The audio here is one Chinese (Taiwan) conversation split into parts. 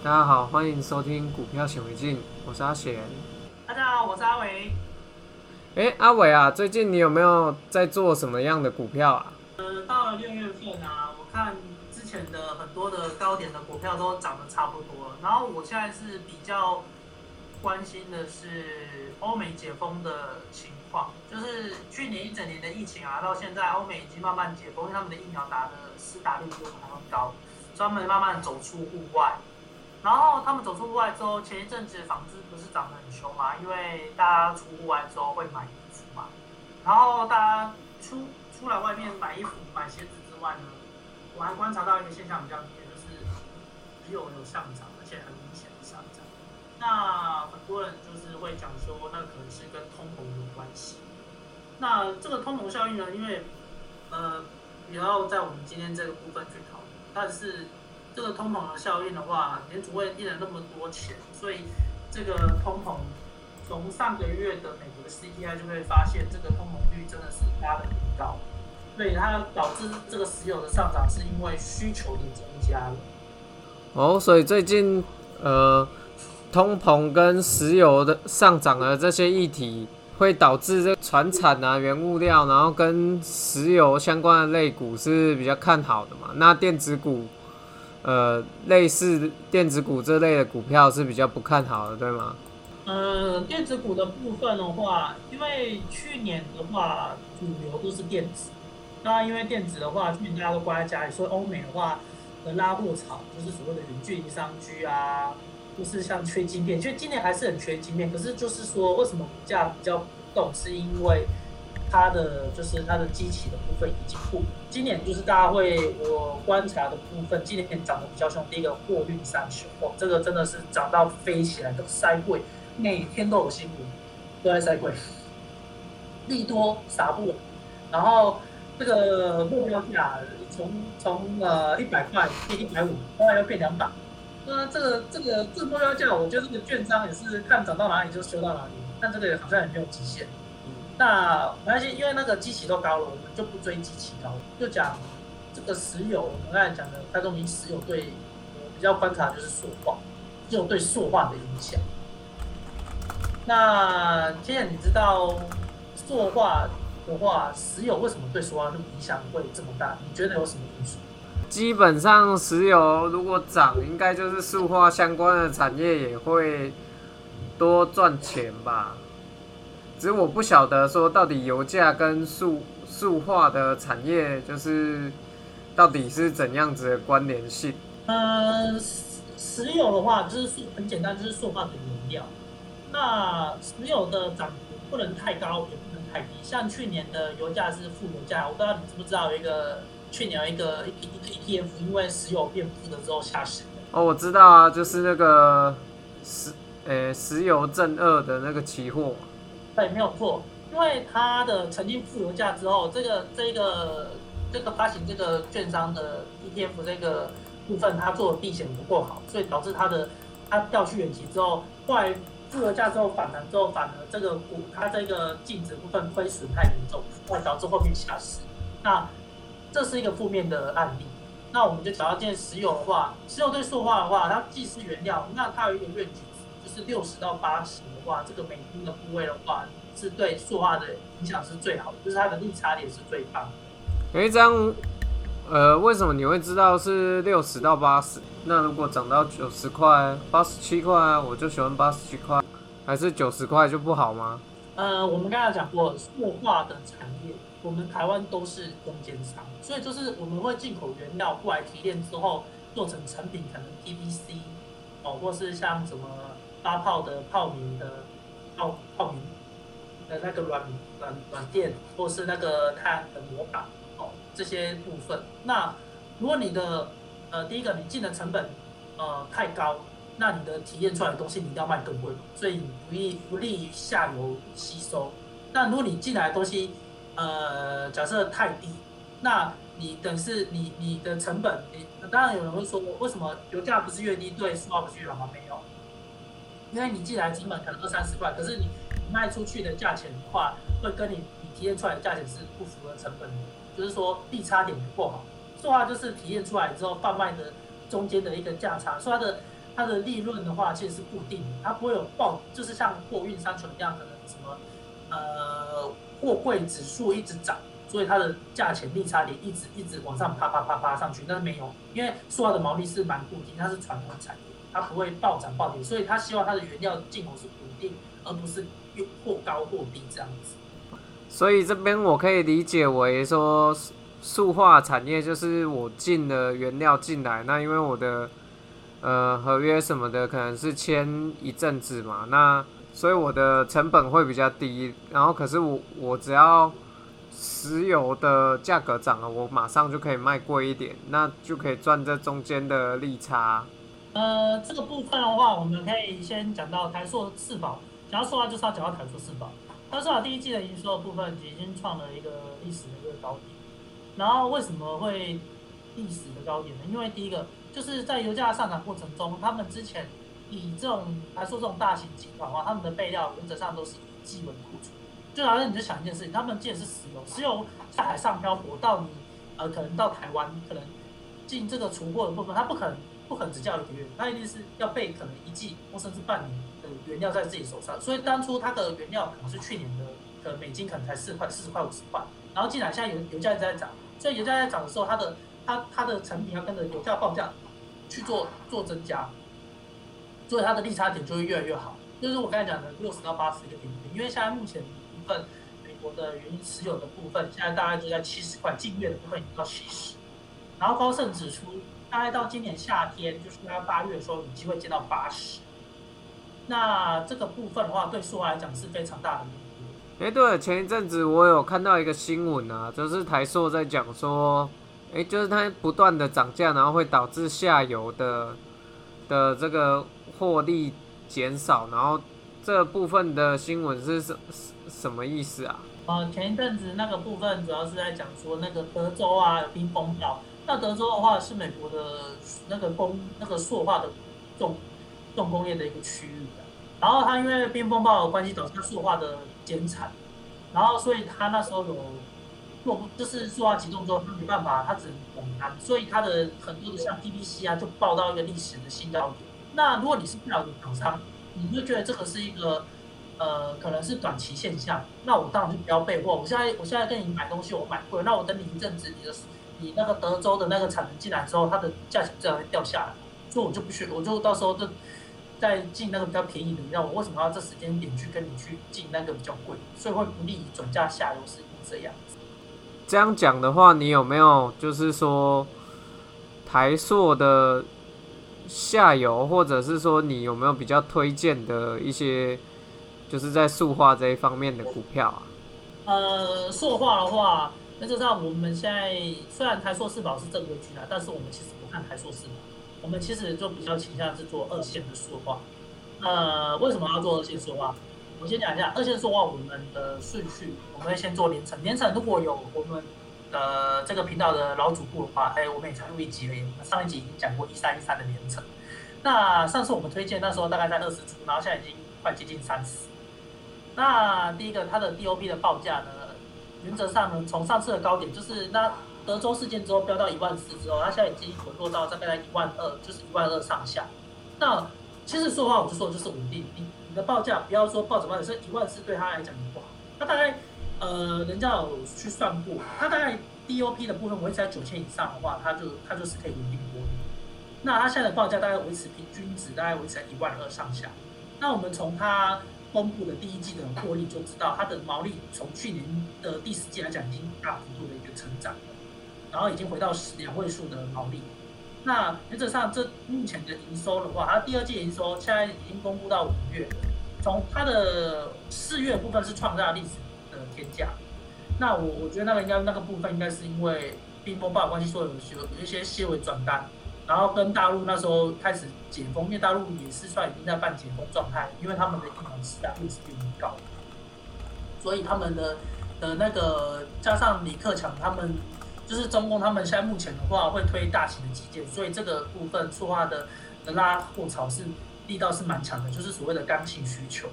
大家好，歡迎收聽股票顯微鏡，我是阿賢。啊，大家好，我是阿偉。欸，阿偉啊，最近你有沒有在做什麼樣的股票啊？呃，到了六月份啊，我看之前的很多的高點的股票都漲得差不多了。然後我現在是比較關心的是歐美解封的情況，就是去年一整年的疫情啊，到現在歐美已經慢慢解封，他們的疫苗打的施打率就非常高，所以他們慢慢走出戶外。然後他們走出戶外之後，前一陣子的房子不是漲得很凶嘛？因為大家出戶外之後會買衣服嘛，然後大家出出來外面買衣服、買鞋子之外呢，我還觀察到一個現象比較明顯，就是只有有上漲，而且很明顯的上漲。那很多人就是會講說，那可能是跟通膨有關係。那這個通膨效應呢，因為呃，也要在我們今天這個部分去討論，但是。這個通膨的效應的話，聯準會印了那麼多錢，所以這個通膨從上個月的美國的 CPI 就會發現，這個通膨率真的是拉的很高，所以它導致這個石油的上漲，是因為需求的增加了。哦，所以最近呃，通膨跟石油的上漲的這些議題，會導致這個傳產啊、原物料，然後跟石油相關的類股是比較看好的嘛？那電子股。呃，類似電子股這類的股票是比較不看好的，對嗎？嗯，電子股的部分的話，因為去年的話主流都是電子，那因為電子的話，去年大家都關在家裡，所以歐美的話的拉貨潮就是所謂的雲計算商機啊，就是像缺晶片，其實今年還是很缺晶片，可是就是說為什麼股價比較不動，是因為。它的就是它的機器的部分已經佈。今年就是大家會我觀察的部分，今年漲得比較兇。第一個貨運三雄，這個真的是漲到飛起來都塞櫃，每天都有新聞，都在塞櫃，哦、利多撒布。然後這個目標價從從呃一百塊變一百五，後來又變兩百。那這個這個這個目標價，我覺得這個券商也是看漲到哪裡就修到哪裡，但這個也好像也沒有極限。那沒關係，因為那個基期都高了，我們就不追基期高了，就講這個石油。我們剛才講的台中民石油對我比較觀察就是塑化，只有對塑化的影響。那既然你知道塑化的話，石油為什麼對塑化的影響會這麼大？你覺得有什麼因素？基本上，石油如果漲，應該就是塑化相關的產業也會多賺錢吧。只是我不曉得說到底油價跟塑塑化的產業就是到底是怎樣子的關聯性。呃，石油的話就是很簡單，就是塑化的原料。那石油的漲幅不能太高，也不能太低。像去年的油價是負油價，我不知道你知不知道，有一個去年有一個一個 ETF 因為石油變負了之後下行。哦，我知道啊，就是那個石呃、欸，石油正二的那個期貨。對，沒有錯，因為他的曾經負油價之後，這個這個這個發行這個券商的 ETF 這個部分，他做避險不夠好，所以導致他的他調去遠期之後，後來負油價之後反彈之後，反而這個股他這個淨值部分虧損太嚴重，會導致後面下市。那這是一個負面的案例。那我們就講到見石油的話，石油對塑化的話，它既是原料，那它有一個願景，就是六十到八十。哇，這個美金的部位的話，是對塑化的影響是最好的，就是它的利差點是最棒的。因為這樣，呃，為什麼你會知道是六十到八十？那如果漲到九十塊、八十七塊啊，我就喜歡八十七塊，還是九十塊就不好嗎？呃，我們剛才講過，塑化的產業，我們台灣都是中間商，所以就是我們會進口原料過來提煉之後，做成成品，可能 PVC 哦，或是像什麼。發泡的泡棉的泡泡棉的那個軟軟軟墊，或是那個它的模板哦，這些部分。那如果你的呃第一個你進的成本呃太高，那你的體驗出來的東西你一定要賣更貴，所以不易不利於下游吸收。那如果你進來的東西呃假設太低，那你等是你你的成本，你、欸、當然有人會說，為什麼油價不是越低對數 w 不是越麻沒有？因為你進來成本可能二三十塊，可是你，你賣出去的價錢的話，會跟你你體驗出來的價錢是不符合成本的，就是說利差點也不夠好。塑化就是體驗出來之後販賣的中間的一個價差，所以它的它的利潤的話其實是固定的，它不會有暴，就是像貨運商船一樣，可能什麼呃貨櫃指數一直漲，所以它的價錢利差點一直一直往上爬爬爬爬，爬上去，但是沒有，因為塑化的毛利是蠻固定，它是傳統產業。它不會暴漲暴跌，所以他希望他的原料進口是穩定，而不是又過高過低這樣子。所以這邊我可以理解為說，塑化產業就是我進了原料進來，那因為我的呃合約什麼的可能是簽一陣子嘛，那所以我的成本會比較低。然後可是我我只要石油的價格漲了，我馬上就可以賣貴一點，那就可以賺這中間的利差。呃，這個部分的話，我們可以先講到台塑四寶。想要說話，就是要講到台塑四寶。台塑四寶第一季的營收的部分已經創了一個歷史的一個高點。然後為什麼會歷史的高點呢？因為第一個就是在油價上漲過程中，他們之前以這種來說，台塑這種大型集團的話，他們的備料原則上都是以基本庫存。就好像你就想一件事情，他們進的是石油，石油在海上漂浮到你呃，可能到台灣，可能進這個儲貨的部分，它不可能。不可能只交一個月，它一定是要備可能一季或甚至半年的原料在自己手上。所以當初它的原料可能是去年的，可能美金可能才四塊、四十塊、五十塊。然後進來，現在油油價一直在漲，所以油價在漲的時候，它的它它的成品要跟着油價報價去做做增加，所以它的利差點就會越來越好。就是我剛才講的六十到八十一個比例，因為現在目前部分美國的原油持有的部分，現在大概都在七十塊，近月的部分已經到七十。然後高盛指出。大概到今年夏天，就是大概八月的時候有機會見到八十。那這個部分的話，對塑化來講是非常大的努力。哎、欸，對了，前一陣子我有看到一個新聞啊，就是台塑在講說，哎、欸，就是它不斷的漲價，然後會導致下游的的這個獲利減少。然後這部分的新聞是什什麼意思啊？呃，前一陣子那個部分主要是在講說，那個德州啊冰封掉。那德州的話是美國的那個工那個塑化的重重工業的一個區域的，然後他因為冰風暴的關係導致他塑化的減產，然後所以他那時候有做不就是塑化集中之後他沒辦法，他只能補倉，所以他的很多的像 PPC 啊就爆到一個歷史的新高。那如果你是不了的廠商，你就覺得這個是一個呃可能是短期現象，那我當然就不要備貨。我現在我現在跟你買東西，我買貴，那我等你一陣子，你的。你那個德州的那個產能進來之後，它的價錢自然會掉下來，所以我就不去，我就到時候再進那個比較便宜的。你知道我為什麼要這時間點去跟你去進那個比較貴，所以會不利於轉嫁下游，是這樣子。這樣講的話，你有沒有就是說台塑的下游，或者是說你有沒有比較推薦的一些，就是在塑化這一方面的股票啊？呃，塑化的話。那就上我們現在雖然台塑四寶是正規軍啊，但是我們其實不看台塑四寶，我們其實就比較傾向是做二線的塑化。呃，為什麼要做二線塑化？我先講一下二線塑化我們的順序，我們會先做聯成，聯成如果有我們的、呃、這個頻道的老主顧的話，哎，我們也才錄一集而已，上一集已經講過一三一三的聯成。那上次我們推薦那時候大概在二十出，然後現在已經快接近三十。那第一個它的 DOP 的報價呢？原則上呢，從上次的高點，就是那德州事件之後飆到一萬四之後，它現在已經回落到在大概一萬二，就是一萬二上下。那其實說的話，我就說就是穩定。你你的報價不要說暴漲暴跌，這一萬四對他來講也不好。那大概呃，人家有去算過，它大概 DOP 的部分維持在九千以上的話，它就它就是可以穩定波動。那它現在的報價大概維持平均值，大概維持在一萬二上下。那我們從它公布的第一季的獲利就知道，它的毛利從去年的第四季來講已經大幅度的一個成長了，然後已經回到十兩位數的毛利。那原則上，這目前的營收的話，它第二季營收現在已經公布到五月，從它的四月部分是創下歷史的天價。那我我覺得那個應該那個部分應該是因為冰風暴關係，所以有有有一些些微轉單。然後跟大陸那時候開始解封，因為大陸也是算已經在半解封狀態，因為他們的疫情時代物資比較高，所以他們的的那個加上李克強他們就是中共他們現在目前的話會推大型的基建，所以這個部分塑化的的拉貨潮是力道是蠻強的，就是所謂的剛性需求。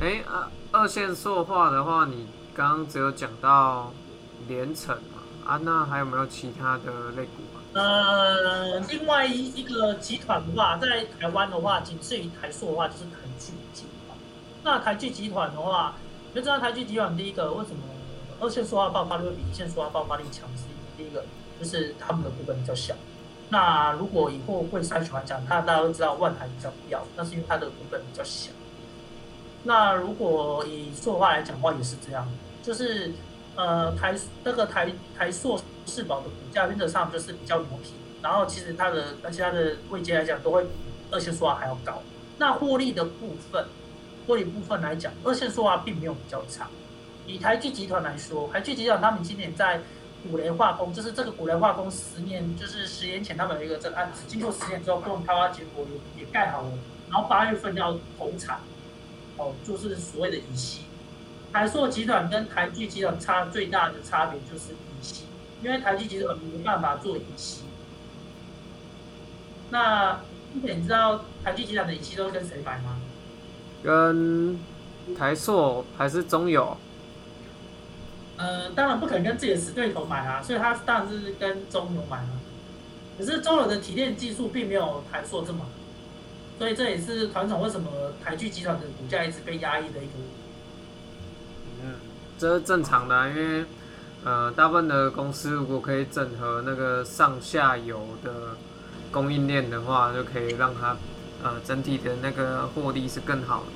哎，二二線塑化的話，你剛剛只有講到聯成啊，那還有沒有其他的類股？呃，另外一一個集團的話，在台灣的話，僅次於台塑的話，就是台聚集團。那台聚集團的話，你知道台聚集團第一個為什麼二線塑化爆發力會比一線塑化爆發力強？是因為第一個就是他們的股本比較小。那如果以後貴三選來講，他大家都知道萬台比較屌，但是因為它的股本比較小。那如果以塑化來講的話，也是這樣，就是。呃，台那，這個台台塑四寶的股價，原則上就是比較牛皮，然後其實它的而且它的位階來講，都會比二線塑化還要高。那獲利的部分，獲利部分來講，二線塑化並沒有比較差。以台塑集團來說，台塑集團他們今年在古雷化工，就是這個古雷化工十年，就是十年前他們有一個這個案子，經過十年之後，各種、 嗯、開發結果也也蓋好了，然後八月份要投產，哦，就是所謂的乙烯。台塑集團跟台聚集團差最大的差別就是乙烯，因為台聚集團沒辦法做乙烯。那而你知道台聚集團的乙烯都跟誰買嗎？跟台塑還是中油？嗯、呃，當然不可能跟自己的死對頭買啊，所以他當然是跟中油買啊。可是中油的提煉技術並沒有台塑這麼好，所以這也是團長為什麼台聚集團的股價一直被壓抑的一個。這是正常的啊，因為呃，大部分的公司如果可以整合那個上下游的供應鏈的話，就可以讓它呃整體的那個獲利是更好的。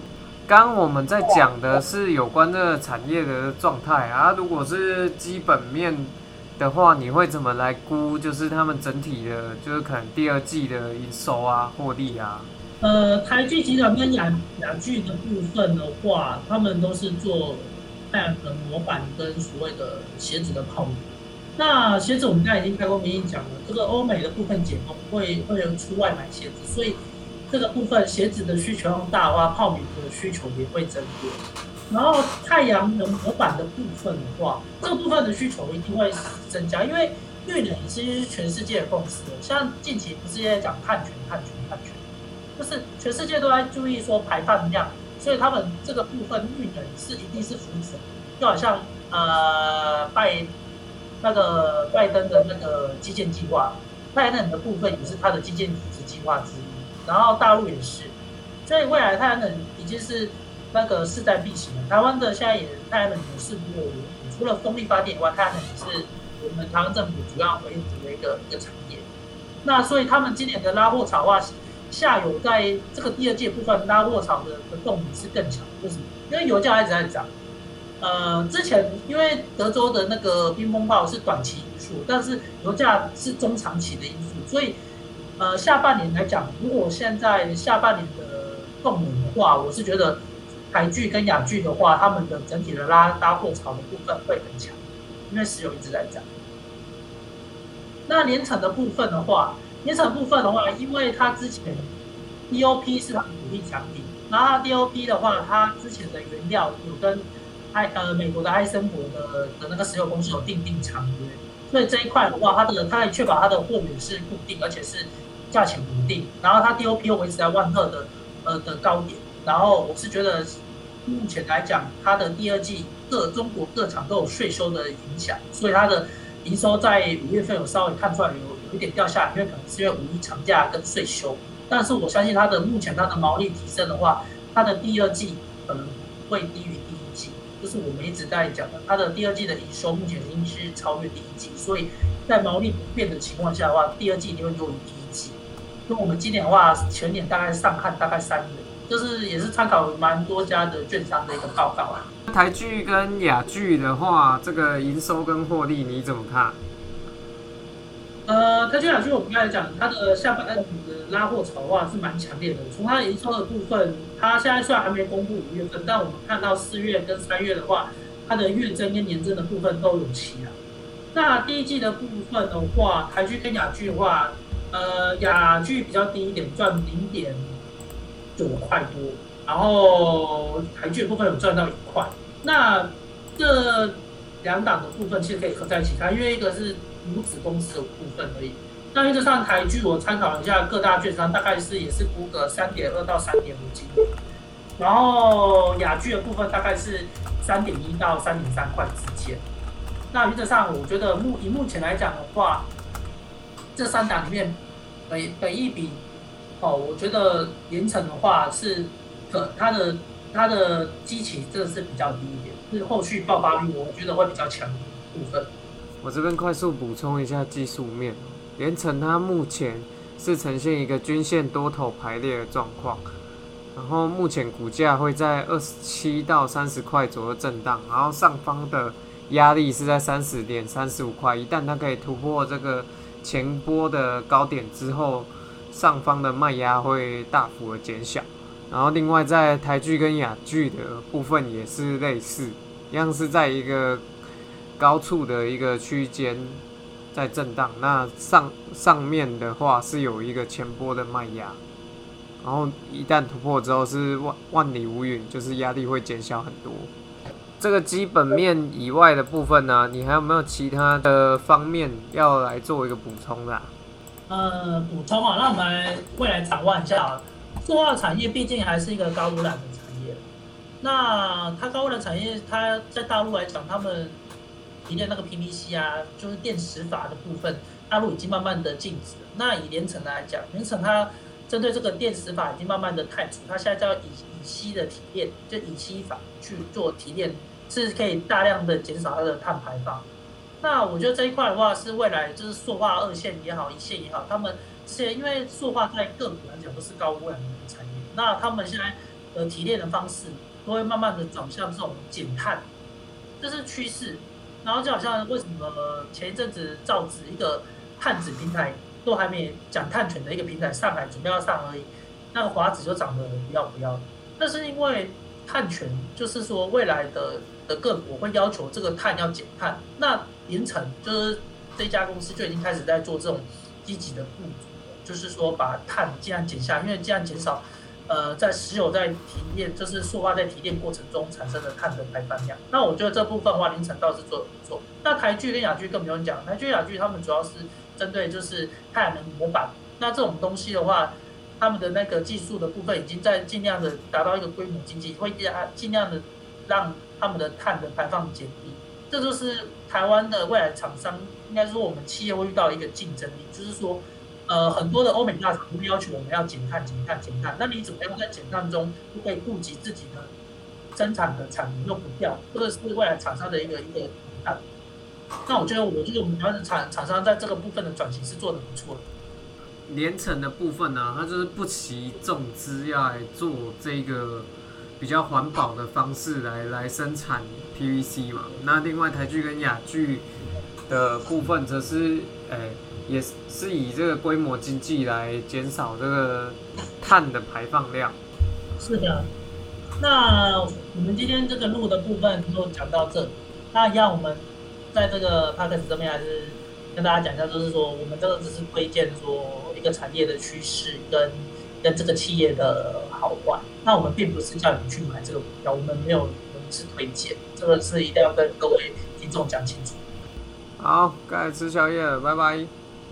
剛剛我們在講的是有關這個產業的狀態啊，啊如果是基本面的話，你會怎麼來估？就是他們整體的，就是可能第二季的營收啊、獲利啊。呃，台聚集團跟亞聚的部分的話，他們都是做太陽能模板跟所謂的鞋子的泡棉，那鞋子我們剛才已經開過明義講了，這個歐美的部分解封會會有出外買鞋子，所以這個部分鞋子的需求量大的話，話泡棉的需求也會增多。然後太陽能模板的部分的話，這個部分的需求一定會增加，因為綠能是全世界共識，像近期不是也在講碳權、碳權、碳權，就是全世界都在注意說排放量。所以他們這個部分運能是一定是扶持，就好像呃拜那個拜登的那個基建計劃，太陽能的部分也是他的基建組織計劃之一，然後大陸也是，所以未來太陽能已經是那個勢在必行了。台灣的現在也太陽能也是沒有，除了風力發電以外，太陽能也是我們台灣政府主要維持的一個一個產業。那所以他們今年的拉貨潮啊。下游在這個第二季部分拉貨潮的的動力是更強，為什麼？因為油價一直在漲。呃，之前因為德州的那個冰風暴是短期因素，但是油價是中長期的因素，所以呃下半年來講，如果現在下半年的動能的話，我是覺得台聚跟亞聚的話，他們的整體的拉拉貨潮的部分會很強，因為石油一直在漲。那煉廠的部分的話。煙草部分的話，因為他之前 D O P 是他的主力產品，然後 D O P 的話，他之前的原料有跟埃呃美國的艾森伯的的那個石油公司有訂定定長約，所以這一塊的話，他這個他也確保他的貨源是固定，而且是價錢穩定。然後他 D O P 我維持在萬特的呃的高點。然後我是覺得目前來講，他的第二季各中國各廠都有稅收的影響，所以他的營收在五月份有稍微看出來有。有點掉下來，因為可能是因為五一長假跟稅收。但是我相信它的目前它的毛利提升的話，它的第二季可能、呃、會低於第一季，就是我們一直在講的。它的第二季的營收目前已經是超越第一季，所以在毛利不變的情況下的話，第二季一定會多於第一季。跟我們今年的話全年大概上看大概三年，就是也是參考蠻多家的券商的一個報告啊。台聚跟亞聚的話，這個營收跟獲利你怎麼看？呃，台聚亞聚，我們剛才講它的下半的拉貨潮的話是蠻強烈的。從它營收的部分，它現在雖然還沒公布五月份，但我們看到四月跟三月的話，它的月增跟年增的部分都有起啊。那第一季的部分的話，台聚跟亞聚的話，呃，亞聚比較低一點，賺零點九塊多，然後台聚的部分有賺到一塊。那這兩檔的部分其實可以合在一起看，因為一個是。母子公司的部分而已。那原則上台聚我參考了一下各大券商，大概是也是估個三點二到三點五之間。然後亞聚的部分大概是三點一到三點三塊之間。那原則上我覺得目以目前來講的話，這三檔裡面每，每每一筆哦，我覺得聯成的話是可它的它的基期真的是比較低一點，是後續爆發力我覺得會比較強的部分。我這邊快速補充一下技術面，聯成它目前是呈現一個均線多頭排列的狀況，然後目前股價會在二十七到三十塊左右震盪，然後上方的壓力是在三十點三十五塊，一旦它可以突破這個前波的高點之後，上方的賣壓會大幅的減小，然後另外在台聚跟亞聚的部分也是類似，一樣是在一個。高處的一個區間在震盪，那上上面的話是有一個前波的賣壓，然後一旦突破之後是萬萬里無雲，就是壓力會減小很多。這個基本面以外的部分呢、啊，你還有沒有其他的方面要來做一個補充的，啊？呃、嗯，補充啊，那我們來未來展望一下，塑化產業，畢竟還是一個高污染的產業，那它高污染產業，它在大陸來講，他們。提煉那個 PVC 啊，就是電石法的部分，大陸已經慢慢的禁止了。那以聯成來講，聯成它針對這個電石法已經慢慢的汰除，它現在叫乙乙烯的提煉，就乙烯法去做提煉，是可以大量的減少它的碳排放。那我覺得這一塊的話，是未來就是塑化二線也好，一線也好，他們這些因為塑化在各股來講都是高污染的產業，那他們現在的提煉的方式都會慢慢的走向這種減碳，這是趨勢。然後就好像為什麼前一陣子造紙一個碳子平台都還沒講碳權的一個平台，上海準備要上而已，那個華紙就漲得不要不要，那是因為碳權就是說未來的的各國會要求這個碳要減碳，那銀城就是這家公司就已經開始在做這種積極的布局，就是說把碳盡量減下，因為盡量減少。呃，在石油在提煉，就是塑化在提煉過程中產生的碳的排放量。那我覺得這部分的話，聯成倒是做的不錯。那台聚跟亞聚更不用講，台聚、亞聚他們主要是針對就是太陽能模板。那這種東西的話，他們的那個技術的部分已經在儘量的達到一個規模經濟，會啊儘量的讓他們的碳的排放減低。這就是台灣的未來廠商，應該說我們企業會遇到一個競爭力，就是說。呃，很多的歐美大廠都要求我們要減碳、減碳、減碳。那你怎麼樣在減碳中就可以顧及自己的生產的產能又不掉？這個是未來廠商的一個一個。那我覺得我覺得我們台灣的廠廠商在這個部分的轉型是做得不錯的。聯成的部分呢，啊，它就是不惜重資要來做這個比較環保的方式來來生產 PVC 嘛。那另外台聚跟亞聚的部分則是，欸也是以這個規模經濟來減少這個碳的排放量，是的。那我們今天這個錄的部分就講到這裡。那要我們在這個 Podcast 這邊還是跟大家講一下，就是說我們這個只是推薦說一個產業的趨勢跟跟這個企業的好壞。那我們並不是叫你們去買這個股票，我們沒有，我們是推薦，這個是一定要跟各位聽眾講清楚。好，該吃宵夜了，拜拜。